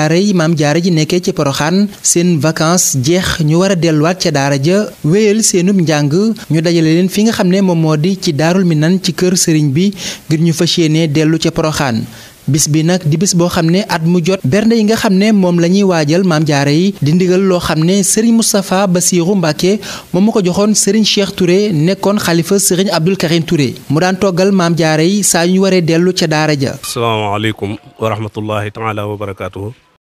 daara yi maam jaara ji nekkee ci poroxaan seen vacances jeex ñu war a delluwaat ca daara ja wéyal seenub njàng ñu dajale leen fi nga xam ne moom moo di ci daarul minan ci kër sëriñ bi ngir ñu fas yéene dellu ca poroxaan bis bi nag di boo xam ne at mu jot bernde yi nga xam ne moom la ñuy waajal maam jaare yi di ndigal loo xam ne sëriñ Moustapha Bassirou Mbacke moom ma ko joxoon sëriñ Cheikh Touré nekkoon xalifa sëriñ Abdoul Karim ture mu daan toggal maam jaare yi saa ñu waree dellu ca daara ja